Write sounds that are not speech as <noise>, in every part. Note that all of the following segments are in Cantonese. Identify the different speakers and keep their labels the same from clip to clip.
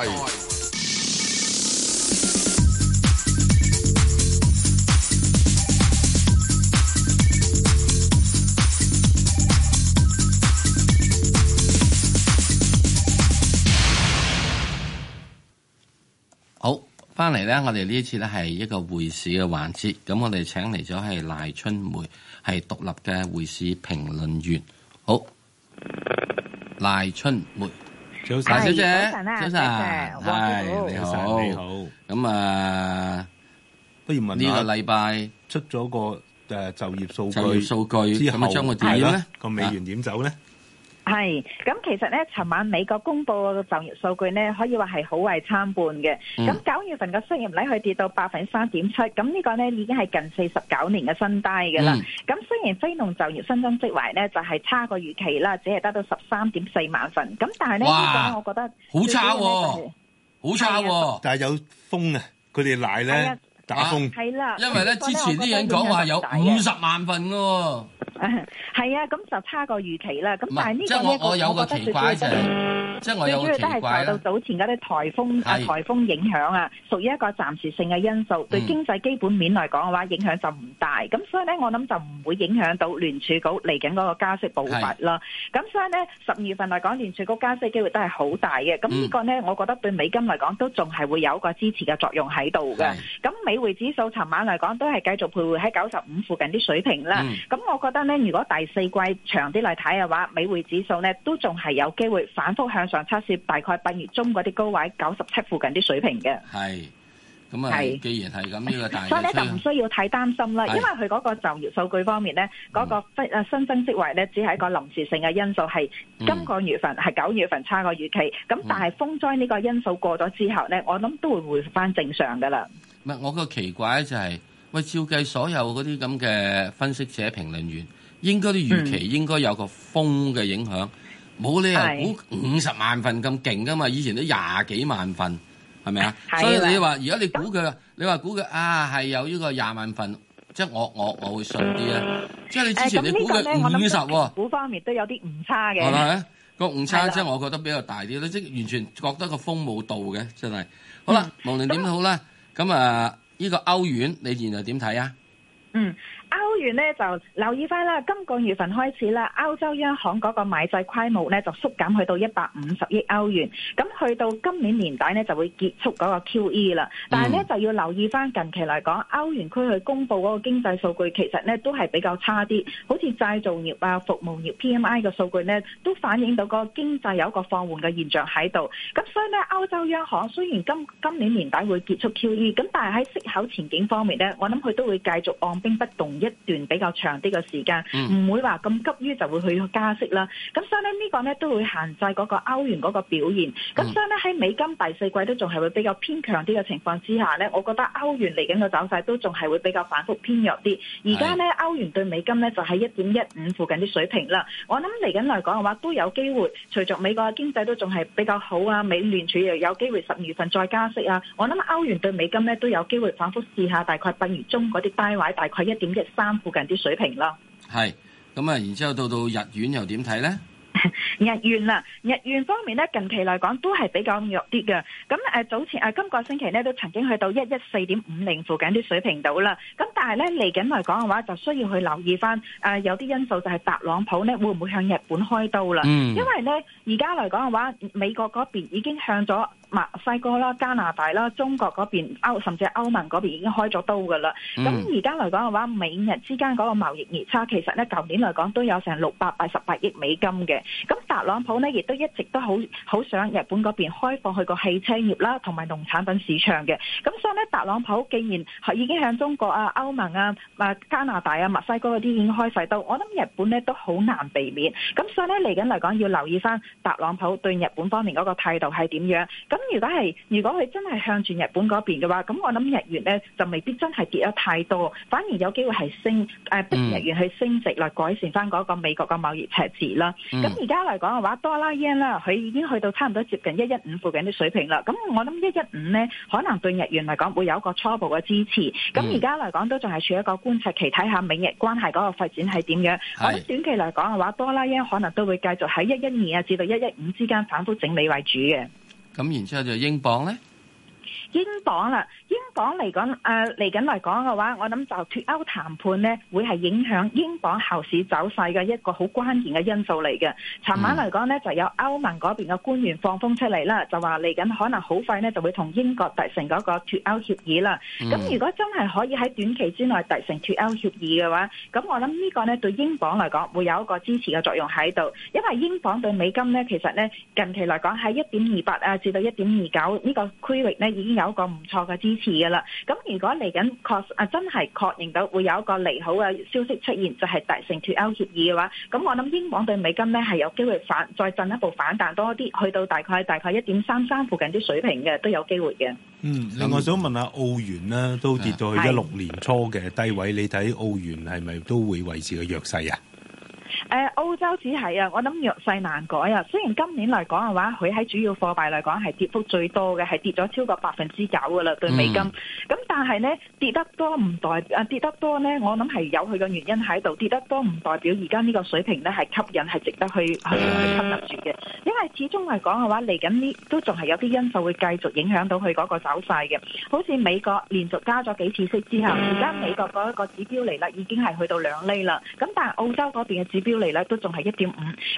Speaker 1: 好，翻嚟咧！我哋呢次咧係一個匯市嘅環節，咁我哋請嚟咗係賴春梅，係獨立嘅匯市評論員。好，賴春梅。大小姐，早晨，嗨，你好，你好，你好。咁啊，不如問下呢個禮拜出咗個誒就業數據，就業數據之後將會點樣呢，個美元點走咧？
Speaker 2: 係，咁其實咧，尋晚美國公布個就業數據咧，可以話係好壞參半嘅。咁九、嗯、月份嘅失業率佢跌到百分之三點七，咁呢個咧已經係近四十九年嘅新低嘅啦。咁、嗯、雖然非農就業新增職位咧就係、是、差過預期啦，只係得到十三點四萬份，咁但係咧呢哇個我覺得好、就是、差喎、
Speaker 1: 哦，好差喎，但係有風啊，佢哋嚟咧。係
Speaker 2: 啦，因為咧之前啲人講話有
Speaker 1: 五十萬份喎。
Speaker 2: 係啊，咁就差過預期啦。咁但係呢個咧，我覺得最怪嘅，都係受到早前嗰啲颱風啊、颱風影響啊，屬於一個暫時性嘅因素。對經濟基本面嚟講嘅話，影響就唔大。咁所以咧，我諗就唔會影響到聯儲局嚟緊嗰個加息步伐啦。咁所以咧，十二月份嚟講，聯儲局加息嘅機會都係好大嘅。咁呢個咧，我覺得對美金嚟講都仲係會有一個支持嘅作用喺度嘅。咁美美匯指數尋晚嚟講都係繼續徘徊喺九十五附近啲水平啦。咁、嗯、我覺得呢，如果第四季長啲嚟睇嘅話，美匯指數呢都仲係有機會反覆向上測試大概八月中嗰啲高位九十七附近啲水平嘅。
Speaker 1: 係，咁啊，既然係咁呢個大，所以咧
Speaker 2: 就唔需要太擔心啦。是因為佢嗰個就業數據方面呢，嗰、嗯、個新增職位呢，只係一個臨時性嘅因素，係今個月份係九、嗯、月份差個預期。咁但係，風災呢個因素過咗之後呢，我諗都會回復翻正常噶啦。
Speaker 1: 唔係，我個奇怪就係、是，喂，照計所有嗰啲咁嘅分析者、評論員，應該啲預期應該有個風嘅影響，冇、嗯、理由是估五十萬份咁勁噶嘛，以前都廿幾萬份，係咪啊？的所以你話如果你估佢，哦、你話估佢啊，係有呢個廿萬份，即係我我我會信啲啊！即、就、係、是、你之前你估佢五十喎，嗯、估、哦、估方面都有
Speaker 2: 啲誤差嘅。係啦，
Speaker 1: 那個誤差的即係我覺得比較大啲啦，即係完全覺得個風冇到嘅，真係。好啦，無論點都好啦。咁啊，呢個歐元你現在點睇啊？嗯。
Speaker 2: 然呢就留意翻啦，今個月份開始啦，歐洲央行嗰個買債規模呢就縮減去到一百五十億歐元。咁去到今年年底呢就會結束嗰個 QE 啦。但係呢，就要留意翻近期嚟講，歐元區去公布嗰個經濟數據，其實呢都係比較差啲，好似製造業啊、服務業 PMI 嘅數據呢都反映到個經濟有一個放緩嘅現象喺度。咁所以呢，歐洲央行雖然今今年年底會結束 QE，咁但係喺息口前景方面呢，我諗佢都會繼續按兵不動一。段比較長啲嘅時間，唔、嗯、會話咁急於就會去加息啦。咁所以呢，呢個呢都會限制嗰個歐元嗰個表現。咁所以呢，喺美金第四季都仲係會比較偏強啲嘅情況之下呢，我覺得歐元嚟緊嘅走勢都仲係會比較反覆偏弱啲。而家呢，歐元對美金呢就喺一點一五附近啲水平啦。我諗嚟緊嚟講嘅話都有機會，隨著美國嘅經濟都仲係比較好啊，美聯儲又有機會十二月份再加息啊。我諗歐元對美金呢都有機會反覆試下，大概八月中嗰啲低位大概一點一三附近啲水
Speaker 1: 平咯，係咁 <laughs> 啊！然之後到到日元又點睇咧？
Speaker 2: 日元啦，日元方面咧，近期嚟講都係比較弱啲嘅。咁誒、啊，早前誒，今、啊今個星期咧都曾經去到一一四點五零附近啲水平度啦。咁但係咧嚟緊嚟講嘅話，就需要去留意翻誒、啊，有啲因素就係特朗普咧會唔會向日本開刀啦？嗯、因為咧。而家嚟講嘅話，美國嗰邊已經向咗墨、墨西哥啦、加拿大啦、中國嗰邊甚至係歐盟嗰邊已經開咗刀嘅啦。咁而家嚟講嘅話，美日之間嗰個貿易逆差其實咧，舊年嚟講都有成六百八十八億美金嘅。咁特朗普呢，亦都一直都好好想日本嗰邊開放佢個汽車業啦，同埋農產品市場嘅。咁所以咧，特朗普既然已經向中國啊、歐盟啊、啊加拿大啊、墨西哥嗰啲已經開晒刀，我諗日本咧都好難避免。咁所以咧，嚟緊嚟講要留意翻。特朗普對日本方面嗰個態度係點樣？咁如果係如果佢真係向住日本嗰邊嘅話，咁我諗日元咧就未必真係跌得太多，反而有機會係升，呃嗯、逼日元去升值啦，改善翻嗰個美國嘅貿易赤字啦。咁而家嚟講嘅話，多拉 yen 啦，佢已經去到差唔多接近一一五附近啲水平啦。咁我諗一一五呢，可能對日元嚟講會有一個初步嘅支持。咁而家嚟講都仲係處一個觀察期，睇下美日關係嗰個發展係點樣。是我諗短期嚟講嘅話，多拉 yen 可能都會繼續喺一一二啊至到，一一五之間反覆整理為主嘅，
Speaker 1: 咁然之後就英鎊咧。
Speaker 2: 英鎊啦，英鎊嚟講誒嚟緊嚟講嘅話，我諗就脱歐談判呢會係影響英鎊後市走勢嘅一個好關鍵嘅因素嚟嘅。尋晚嚟講呢，就有歐盟嗰邊嘅官員放風出嚟啦，就話嚟緊可能好快呢就會同英國達成嗰個脱歐協議啦。咁、嗯、如果真係可以喺短期之內達成脱歐協議嘅話，咁我諗呢個呢對英鎊嚟講會有一個支持嘅作用喺度，因為英鎊對美金呢，其實呢近期嚟講喺一點二八啊，至到一點二九呢個區域呢已經有一個唔錯嘅支持噶啦，咁如果嚟緊確實啊真係確認到會有一個利好嘅消息出現，就係達成脱歐協議嘅話，咁我諗英鎊對美金呢係有機會反再進一步反彈多啲，去到大概大概一點三三附近啲水平嘅都有機會嘅。嗯，
Speaker 1: 另外想問下澳元呢，的都跌到去一六年初嘅的低位，你睇澳元係咪都會維持個弱勢啊？
Speaker 2: 誒澳洲只係啊，我諗弱勢難改啊。雖然今年嚟講嘅話，佢喺主要貨幣嚟講係跌幅最多嘅，係跌咗超過百分之九嘅啦，對美金。咁、嗯、但係呢，跌得多唔代啊跌得多呢，我諗係有佢嘅原因喺度。跌得多唔代表而家呢個水平呢係吸引係值得去去、啊、去吸納住嘅，因為始終嚟講嘅話，嚟緊呢都仲係有啲因素會繼續影響到佢嗰個走勢嘅。好似美國連續加咗幾次息之後，而家美國嗰一個指標嚟啦，已經係去到兩厘啦。咁但係澳洲嗰邊嘅指標，嚟咧都仲係一點五，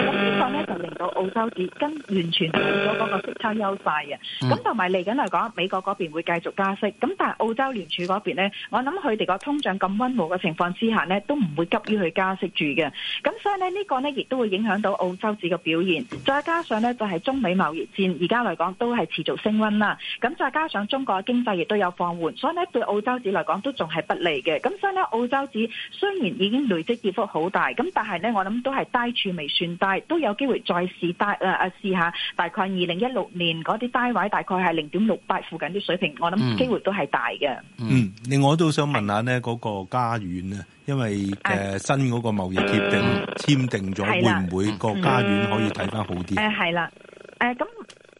Speaker 2: 咁呢個呢就令到澳洲紙跟完全冇咗嗰個息差優勢嘅，咁同埋嚟緊嚟講，美國嗰邊會繼續加息，咁但係澳洲聯儲嗰邊咧，我諗佢哋個通脹咁溫和嘅情況之下呢，都唔會急於去加息住嘅，咁所以呢，呢個呢亦都會影響到澳洲紙嘅表現，再加上呢，就係中美貿易戰而家嚟講都係持續升溫啦，咁再加上中國經濟亦都有放緩，所以呢對澳洲紙嚟講都仲係不利嘅，咁所以呢，澳洲紙雖然已經累積跌幅好大，咁但係呢，我諗。咁都係低處未算低，都有機會再試低，誒誒試下大概二零一六年嗰啲低位，大概係零點六八附近啲水平，嗯、我諗機會都係大嘅。嗯，另
Speaker 1: 外、呃，我都想問下呢嗰個加元咧，因為誒新嗰個貿易協定簽訂咗，會唔會個加元可以睇翻好啲？
Speaker 2: 誒係啦，誒咁。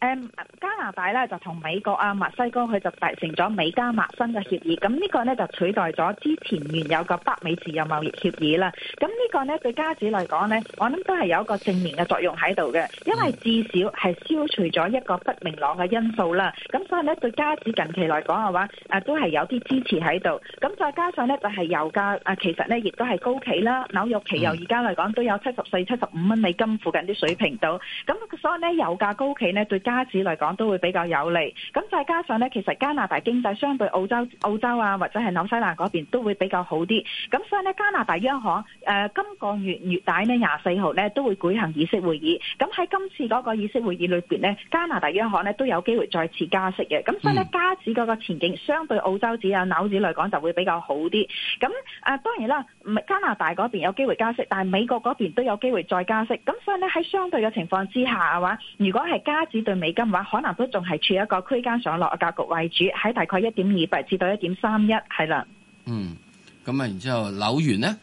Speaker 2: 嗯、加拿大咧就同美國啊墨西哥佢就達成咗美加墨新嘅協議，咁呢個呢就取代咗之前原有個北美自由貿易協議啦。咁呢個呢對加紙嚟講呢，我諗都係有一個正面嘅作用喺度嘅，因為至少係消除咗一個不明朗嘅因素啦。咁所以呢，對加紙近期嚟講嘅話，都係有啲支持喺度。咁再加上呢，就係、是、油價其實呢亦都係高企啦。紐約期油而家嚟講都有七十四、七十五蚊美金附近啲水平度。咁所以呢，油價高企呢對加子嚟講都會比較有利，咁再加上咧，其實加拿大經濟相對澳洲、澳洲啊或者係紐西蘭嗰邊都會比較好啲，咁所以咧，加拿大央行誒、呃、今個月月底呢，廿四號咧都會舉行議息會議，咁喺今次嗰個議息會議裏邊呢，加拿大央行呢都有機會再次加息嘅，咁所以咧，加子嗰個前景相對澳洲指啊紐子嚟講就會比較好啲，咁、呃、誒當然啦。加拿大嗰邊有機會加息，但係美國嗰邊都有機會再加息，咁所以呢，喺相對嘅情況之下嘅話，如果係加紙兌美金嘅話，可能都仲係處一個區間上落嘅格局為主，喺大概一點二八至到一點三一係啦。嗯，
Speaker 1: 咁啊，然之後紐元呢？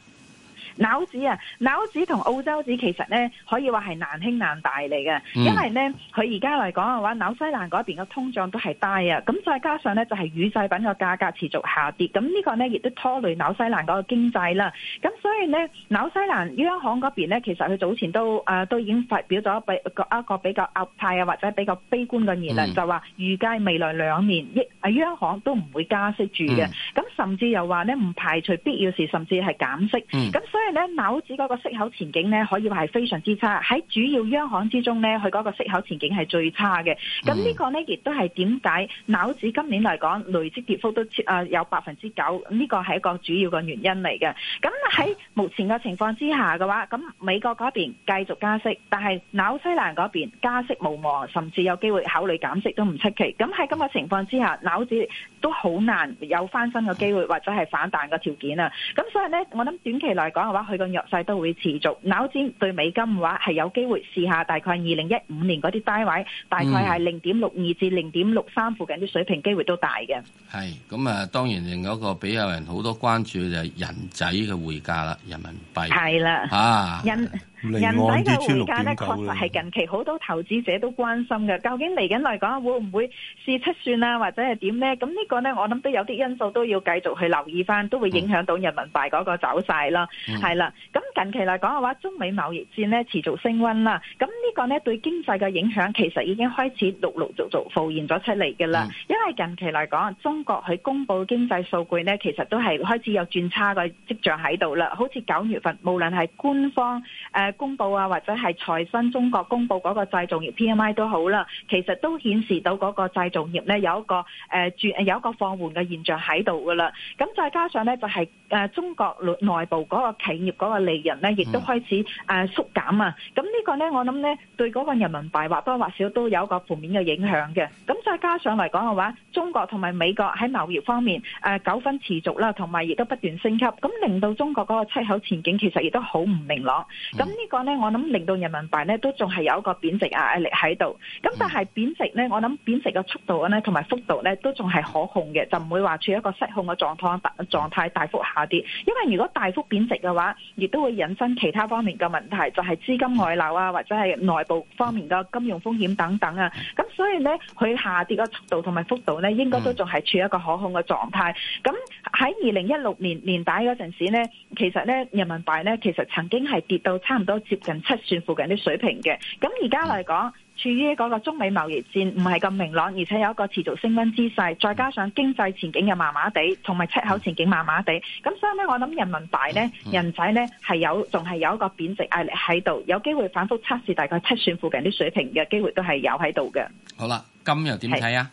Speaker 2: 紐紙啊，紐紙同澳洲紙其實咧可以話係難兄難弟嚟嘅，因為咧佢而家嚟講嘅話，紐西蘭嗰邊嘅通脹都係低啊，咁再加上咧就係乳製品嘅價格持續下跌，咁呢個咧亦都拖累紐西蘭嗰個經濟啦。咁所以咧紐西蘭央行嗰邊咧其實佢早前都誒、呃、都已經發表咗一個比較鴿派啊或者比較悲觀嘅言論，嗯、就話預計未來兩年啊央行都唔會加息住嘅，咁、嗯、甚至又話咧唔排除必要時甚至係減息，咁、嗯、所以。呢，紐指嗰個息口前景咧，可以話係非常之差。喺主要央行之中咧，佢嗰個息口前景係最差嘅。咁呢、mm hmm. 個呢，亦都係點解紐指今年嚟講累積跌幅都有百分之九，呢、這個係一個主要嘅原因嚟嘅。咁喺目前嘅情況之下嘅話，咁美國嗰邊繼續加息，但係紐西蘭嗰邊加息無望，甚至有機會考慮減息都唔出奇。咁喺咁個情況之下，紐指，都好難有翻身嘅機會或者係反彈嘅條件啊！咁所以咧，我諗短期嚟講嘅話，佢個弱勢都會持續。嗱，先對美金嘅話係有機會試下，大概二零一五年嗰啲低位，大概係零點六二至零點六三附近啲水平，機會都大嘅。
Speaker 1: 係咁啊，當然另一個比有人好多關注就係人仔嘅匯價啦，人民幣
Speaker 2: 係啦，啊人人仔嘅匯價咧確實係近期好多投資者都關心嘅，究竟嚟緊嚟講會唔會試七算啊，或者係點咧？咁呢？個呢，我諗都有啲因素都要繼續去留意翻，都會影響到人民幣嗰個走勢啦，係啦、嗯。咁近期嚟講嘅話，中美貿易戰呢持續升溫啦。咁、這、呢個呢，對經濟嘅影響其實已經開始陸陸續續浮現咗出嚟嘅啦。嗯、因為近期嚟講，中國佢公布經濟數據呢，其實都係開始有轉差嘅跡象喺度啦。好似九月份，無論係官方誒、呃、公布啊，或者係財新中國公布嗰個製造業 PMI 都好啦，其實都顯示到嗰個製造業呢有一個誒轉、呃、有。一個放緩嘅現象喺度噶啦，咁再加上咧就係誒中國內部嗰個企業嗰個利潤咧，亦都開始誒縮減啊，咁、這、呢個咧我諗咧對嗰個人民幣或多或少都有個負面嘅影響嘅，咁再加上嚟講嘅話，中國同埋美國喺貿易方面誒糾紛持續啦，同埋亦都不斷升級，咁令到中國嗰個出口前景其實亦都好唔明朗，咁、這、呢個咧我諗令到人民幣咧都仲係有一個貶值壓力喺度，咁但係貶值咧我諗貶值嘅速度咧同埋幅度咧都仲係可。控嘅就唔會話處一個失控嘅狀態狀態大幅下跌，因為如果大幅貶值嘅話，亦都會引申其他方面嘅問題，就係資金外流啊，或者係內部方面嘅金融風險等等啊。咁所以呢，佢下跌嘅速度同埋幅度呢，應該都仲係處一個可控嘅狀態。咁喺二零一六年年底嗰陣時呢，其實呢人民幣呢，其實曾經係跌到差唔多接近七算附近啲水平嘅。咁而家嚟講。處於嗰個中美貿易戰唔係咁明朗，而且有一個持續升温之勢，再加上經濟前景又麻麻地，同埋出口前景麻麻地，咁所以咧，我諗人民幣咧，嗯嗯、人仔咧係有仲係有一個貶值壓力喺度，有機會反覆測試大概七算附近啲水平嘅機會都係有喺度嘅。好啦，
Speaker 1: 金又點睇啊？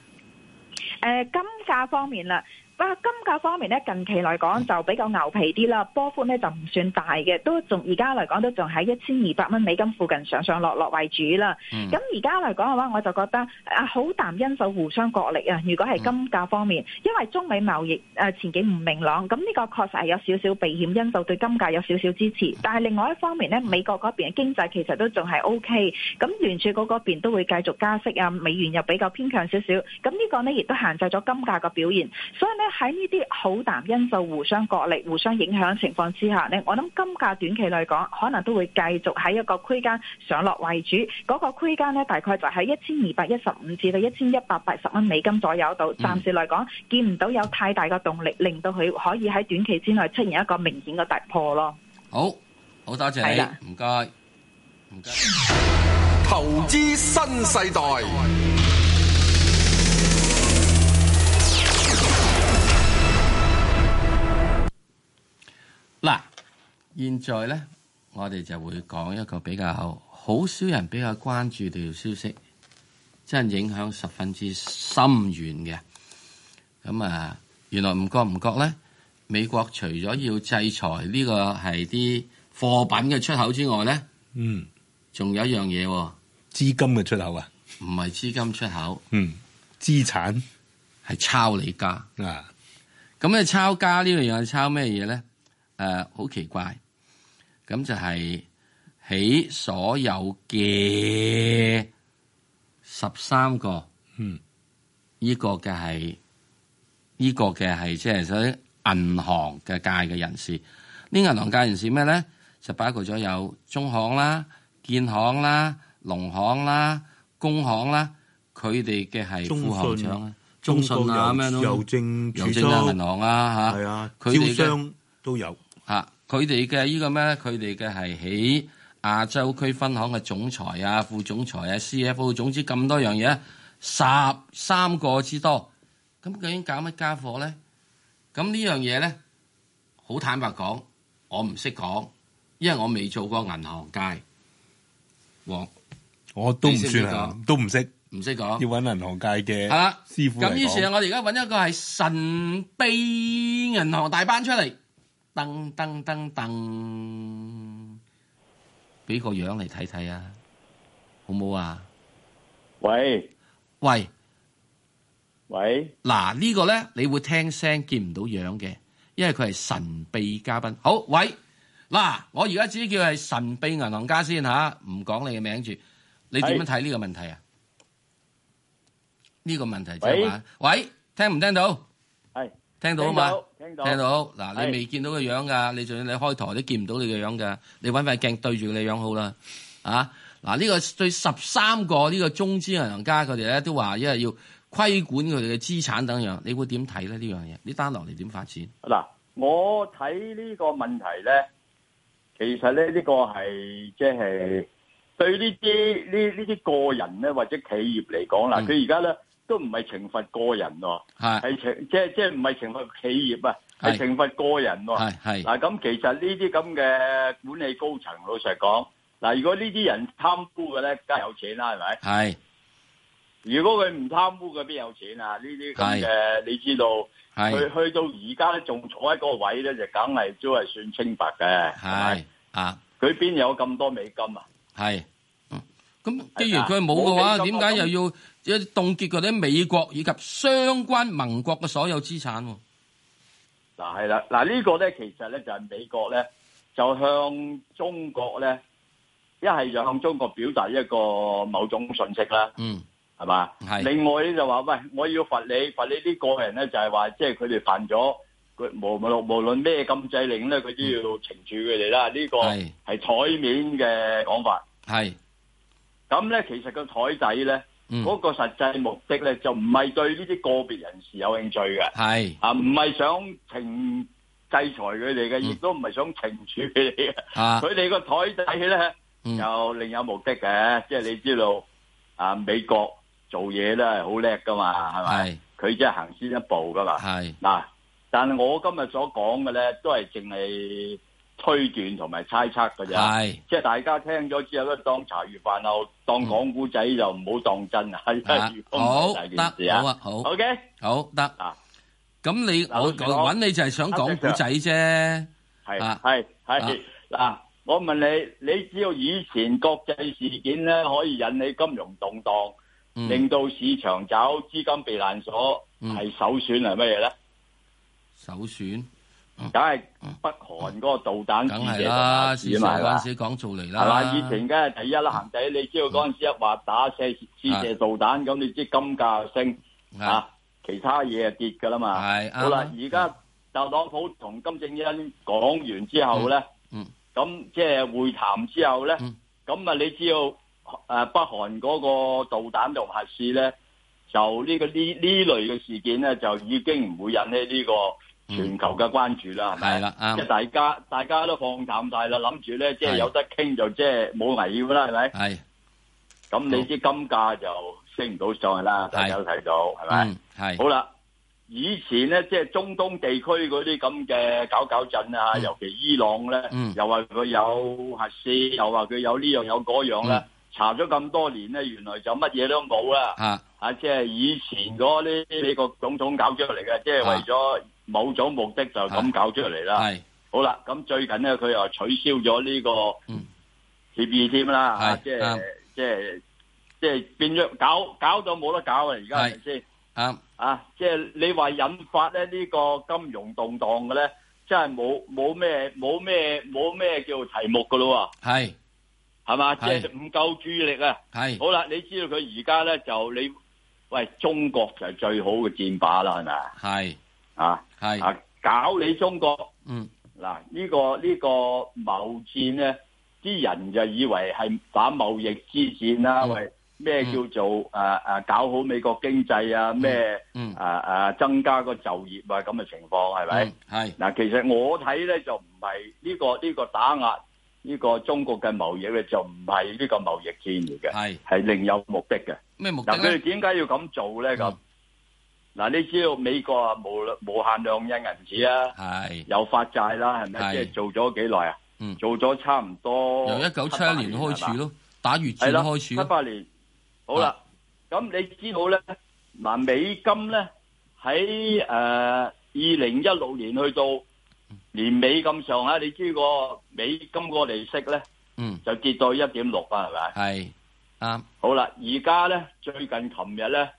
Speaker 2: 誒、呃，金價方面啦。嗱，金價方面咧，近期嚟講就比較牛皮啲啦，波幅咧就唔算大嘅，都仲而家嚟講都仲喺一千二百蚊美金附近上上落落為主啦。咁而家嚟講嘅話，我就覺得啊，好淡因素互相角力啊。如果係金價方面，嗯、因為中美貿易前景唔明朗，咁呢個確實係有少少避險因素對金價有少少支持。但係另外一方面呢，美國嗰邊嘅經濟其實都仲係 OK，咁聯儲嗰邊都會繼續加息啊，美元又比較偏強少少，咁呢個呢，亦都限制咗金價嘅表現。所以呢喺呢啲好淡因素互相角力、互相影響情況之下呢，我諗金價短期嚟講，可能都會繼續喺一個區間上落為主。嗰、那個區間呢，大概就喺一千二百一十五至到一千一百八十蚊美金左右度。暫時嚟講，見唔到有太大嘅動力令到佢可以喺短期之內出現一個明顯嘅突破咯。好，
Speaker 1: 好，多謝你，唔該。
Speaker 3: 投資新世代。
Speaker 1: 現在咧，我哋就會講一個比較好少人比較關注條消息，真係影響十分之深遠嘅。咁、嗯、啊，原來唔覺唔覺咧，美國除咗要制裁呢個係啲貨品嘅出口之外咧，嗯，仲有一樣嘢，資金嘅出口啊，唔係資金出口，嗯，資產係抄你家啊，咁你抄家個，抄呢樣嘢抄咩嘢咧？誒、啊，好奇怪。咁就係、是、起所有嘅十三個嗯，依個嘅係依個嘅係即係喺銀行嘅界嘅人士。
Speaker 2: 呢、這個、銀行界
Speaker 1: 人士咩咧？就包括咗有中行啦、建行啦、農行啦、工行啦，佢哋嘅係副行長、中信，中信啊咩、啊、都，郵政、郵政啊銀行啊嚇，係啊，招商都有嚇。佢哋嘅呢個咩咧？佢哋嘅係喺亞洲區分行嘅總裁啊、副總裁啊、CFO，總之咁多樣嘢，十三個之多。咁究竟搞乜傢伙咧？咁呢樣嘢咧，好坦白講，我唔識講，因為我未做過銀行界。我我都唔算啊，都唔識，唔識講，要揾銀行界嘅師傅嚟講。咁於是啊，我哋而家揾一個係神秘銀行大班出嚟。噔噔噔噔，畀個樣嚟睇睇啊，好唔好啊？喂喂喂，嗱呢個咧，你會聽聲見唔到樣嘅，因為佢係神秘嘉賓。好，喂，嗱我而家只叫係神秘銀行家先吓，唔講你嘅名住，
Speaker 2: 你點樣睇
Speaker 1: 呢個問題啊？呢個問題就係，喂，聽唔聽到？聽到啊嘛？聽到，聽到。嗱，你未見到個樣噶是，你就算你開台都見唔到你嘅樣噶。你揾塊鏡對住你樣好啦。啊，嗱呢個對十三個呢個中資銀行家佢哋咧，都話，因為要規管佢哋嘅資產等樣，你會點睇咧呢樣嘢？你呢單落嚟點發展？嗱，
Speaker 3: 我睇呢個問題咧，其實咧呢個係即係對呢啲呢呢啲個人咧或者企業嚟講，啦佢而家咧。都唔係懲罰個人喎，係懲即係即係唔係懲罰企業啊，係懲罰個人喎。係係嗱，咁其實呢啲咁嘅管理高層，老實講，嗱，如果呢啲人貪污嘅咧，梗係有錢啦，係咪？係。如果佢唔貪污嘅邊有錢啊？呢啲咁嘅你知道，係佢去到而家咧，仲坐喺嗰個位咧，就梗係都係算清白嘅，係咪啊？佢邊有咁多美金啊？係。嗯，
Speaker 1: 咁既然佢冇嘅話，點解又要？有凍結嗰啲美國以及相關盟國嘅所有資產。嗱
Speaker 3: 係啦，嗱呢個咧，其實咧就係美國咧，就向中國咧，一係就向中國表達一個某種信息啦。嗯，係嘛？係。另外咧就話喂，我要罰你，罰你啲個人咧，就係話即係佢哋犯咗，無無論無論咩禁制令咧，佢都要懲處佢哋啦。呢個係台面嘅講法。係。咁咧，其實個台底咧。嗰、嗯、個實際目的咧，就唔係對呢啲個別人士有興趣嘅，係是啊，唔係想懲制裁佢哋嘅，亦都唔係想懲處佢哋嘅。佢哋個台底咧，有、嗯、另有目的嘅，即係你知道，啊，美國做嘢咧係好叻噶嘛，係咪？佢即係行先一步噶嘛。係嗱是、啊，但係我今日所講嘅咧，都係淨係。推斷同埋猜測嘅啫，即係大家聽咗之後，都當茶餘飯後當講古仔就唔好當真啊。係啊，好得，好啊，好。O K，好得啊。咁你我講搵你就
Speaker 1: 係想講古仔
Speaker 3: 啫。係啊，係係嗱，我問你，你只要以前國際事件咧可以引起金融動盪，令到市場找資金避難所係首選係乜嘢咧？首選。梗係北韓嗰個導彈，梗係啦，是咪啦？講
Speaker 1: 做嚟啦，係嘛？以前梗
Speaker 3: 係第一啦，行第一，你知道嗰陣時一話打射射導彈，咁你知金價升，吓，其他嘢啊跌噶啦嘛。係，好啦，而家特朗普同金正恩講完之後咧，咁即係會談之後咧，咁啊，你知道誒北韓嗰個導彈同核試咧，就呢個呢呢類嘅事件咧，就已經唔會引起呢個。全球嘅關注啦，係咪？即係大家大家都放淡晒啦，諗住咧，即係有得傾就即係冇危險啦，係咪？係咁，你知金價就升唔到上去啦，大家都睇到，係咪？係，好啦，以前咧，即係中東地區嗰啲咁嘅搞搞震啊，尤其伊朗咧，又話佢有核試，又話佢有呢樣有嗰樣咧，查咗咁多年咧，原來就乜嘢都冇啦，即係以前嗰啲美國總統搞出嚟嘅，即係為咗。冇咗目的就咁搞出嚟啦。係，好啦，咁最近咧，佢又取消咗呢個協議添啦。即係即係即係變咗搞搞到冇得搞啦。而家係咪先？啱啊！即係你話引發咧呢個金融動蕩嘅咧，真係冇冇咩冇咩冇咩叫題目噶咯？喎係是，係嘛吧？即係唔夠注意力啊！係是，好啦，你知道佢而家咧就你喂中國就係最好嘅戰靶啦，係咪啊？係。啊係是啊搞你中國嗯嗱、這個這個、呢個呢個貿易戰咧啲人就以為係反貿易之戰啦，喂咩、嗯、叫做誒誒、嗯啊、搞好美國經濟咩、嗯、啊咩嗯誒誒增加個就業啊咁嘅情況係咪係嗱其實我睇咧就唔係呢個呢、呢個打壓呢、呢個中國嘅貿易咧就唔係呢個貿易戰嚟嘅係係另有目的嘅咩目的？嗱佢哋點解要咁做咧咁？嗯嗱，你知道美國啊無無限量印銀紙啊，係有發債啦，係咪即係做咗幾耐啊？嗯，做咗差唔多由一九七一年開始咯，
Speaker 1: 打月轉開始咯。七八
Speaker 3: 年，好啦，咁你知道咧，嗱美金咧喺誒二零一六年去到年尾咁上下，你知個美金個利息咧，嗯，就跌到一點六啊，係咪？係啱。好啦，而家咧最近琴日咧，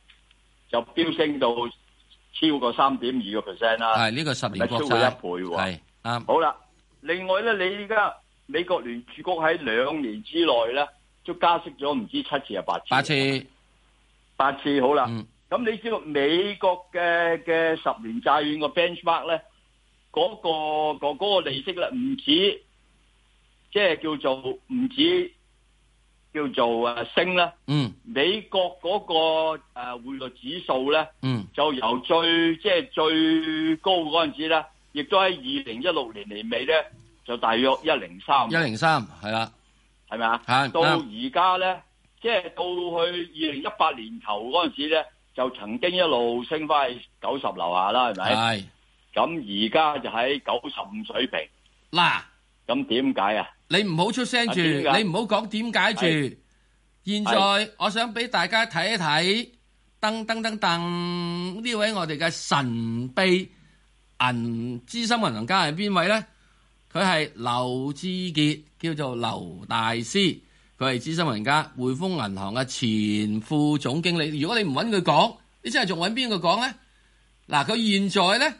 Speaker 3: 就飆升到超過三點二個 percent 啦，係呢個十年國債超過一倍喎，係啱是。好啦，另外咧，你依家美國聯儲局喺兩年之內咧，都加息咗唔知七次啊八次，八次八次，八次，好啦。咁、嗯、你知道美國嘅嘅十年債券個 benchmark 呢、嗰個 benchmark 咧，嗰個個嗰個利息咧，唔止即係叫做唔止。叫做啊升啦，嗯，美國嗰個誒匯率指數咧，嗯，就由最即係、就是、最高嗰陣時咧，亦都喺二零一六年年尾咧，就大約一零三，一零三係啦，係咪啊？吓，到而家咧，即係到去二零一八年頭嗰陣時咧，就曾經一路升返去九十樓下啦，係咪？係的，咁而家就喺九十五水平，嗱啦，咁點解啊？
Speaker 1: 你唔好出聲住，你唔好講點解住。
Speaker 3: 現在
Speaker 1: 我想俾大家睇一睇，噔噔噔噔，呢位我哋嘅神秘銀資深銀行家係邊位咧？佢係劉智杰，叫做劉大師。佢係資深銀行家、匯豐銀行嘅前副總經理。如果你唔搵佢講，你真係仲搵邊個講咧？嗱，佢現在咧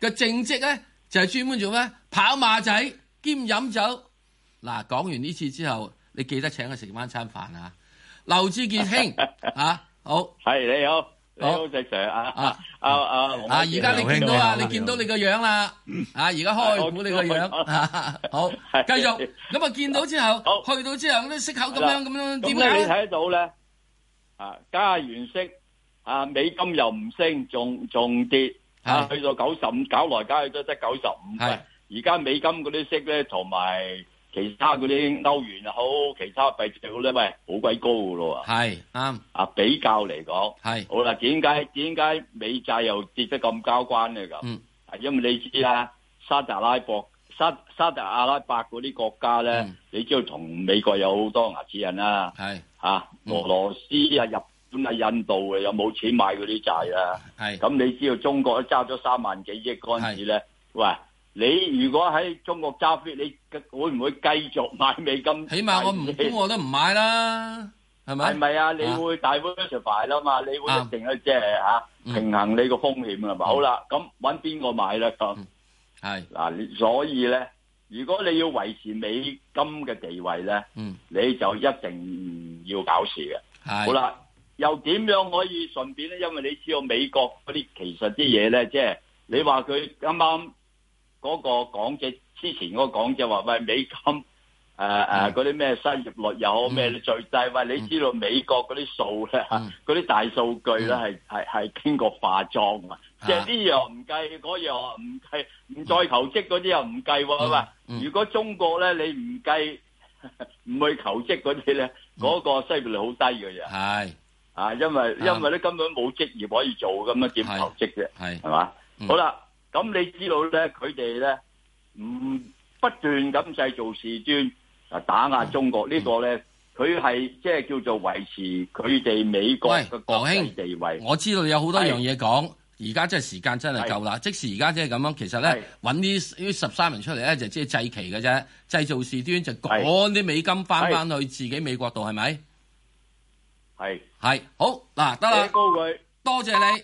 Speaker 1: 個正職咧就係專門做咩跑馬仔兼飲酒。嗱，講完呢次之後，你記得請佢食翻餐
Speaker 3: 飯啊！劉智杰兄啊，好，係你好，你好石 Sir 啊啊啊啊！而家你見到啊，你見到你個樣啦，啊而家開估你個樣啊，好，繼續咁啊！見到之後，去到之後啲息
Speaker 1: 口咁樣咁樣點解你睇得
Speaker 3: 到咧啊，加完息啊，美金又唔升，仲仲跌啊，去到九十五，搞來搞去都得九十五。而家美金嗰啲息咧，同埋。其他嗰啲歐元又好，其他幣值咧喂，好鬼高噶咯喎！係啱啊，比較嚟講，係是好啦。點解點解美債又跌得咁交關咧？咁啊、嗯，因為你知啦，沙特阿拉伯、沙沙特阿拉伯嗰啲國家咧，嗯、你知道同美國有好多牙齒印啦、啊。係是啊，俄羅斯啊、嗯、啊、日本啊、印度嘅有冇錢買嗰啲債啦。係咁，你知道中國都揸咗三萬幾億嗰陣時呢。咧是，喂！你如果喺中國揸 fit，你會唔會繼續買美金？起碼我唔點我都唔買啦，係咪？係咪啊？你會多元化啦嘛？你會一定咧即係吓平衡你個風險啊嘛？好啦，咁揾邊個買咧咁？係嗱，所以咧，如果你要維持美金嘅地位咧，你就一定要搞事嘅。係。好啦，又點樣可以順便咧？因為你知道美國嗰啲其實啲嘢咧，即係你話佢啱啱。嗰個，講者之前嗰個講者話喂，美金誒、誒嗰啲咩失業率有咩最低。喂，你知道美國嗰啲數咧吓，嗰啲大數據咧係係係，經過化妝啊，即係呢樣唔計，嗰樣唔計，唔再求職嗰啲又唔計啊嘛。如果中國咧，你唔計唔去求職嗰啲咧，嗰個失業率好低嘅啫。係啊，因為因為咧根本冇職業可以做，咁樣點求職啫。係係嘛，好啦咁你知道咧，佢哋咧唔不斷咁製造事端，啊打壓中國呢個咧，佢係即係叫做維持佢哋美國嘅國興地位。我
Speaker 1: 知道有好多樣嘢講，而家即係時間真係夠啦。的即時而家即係咁樣，其實咧揾啲呢十三人出嚟咧，就即係制奇嘅啫，製造事端就趕啲美金翻翻去自己美國度，係咪？係係好嗱，得啦，高佢，的多謝你。